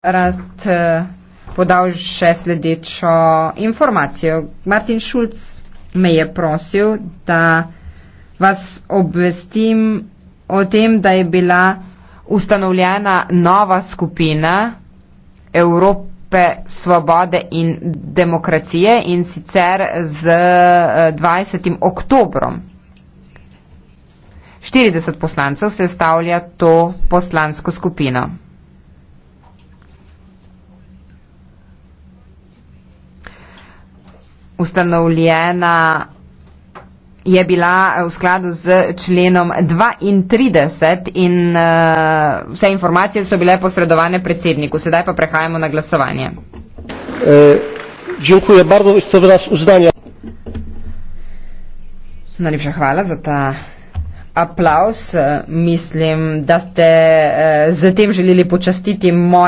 rast eh, podal še sledečo informacijo. Martin Šulc me je prosil, da vas obvestim o tem, da je bila ustanovljena nova skupina Evrope svobode in demokracije in sicer z 20. Eh, oktobrom. 40 poslancev se stavlja to poslansko skupino. ustanovljena je bila eh, v skladu z členom 32 in uh, vse informacije so bile posredovane predsedniku. Sedaj pa prehajamo na glasovanje. E, bardzo, isto Najlepša hvala za ta aplaus. Mislim, da ste uh, z tem želeli počastiti moj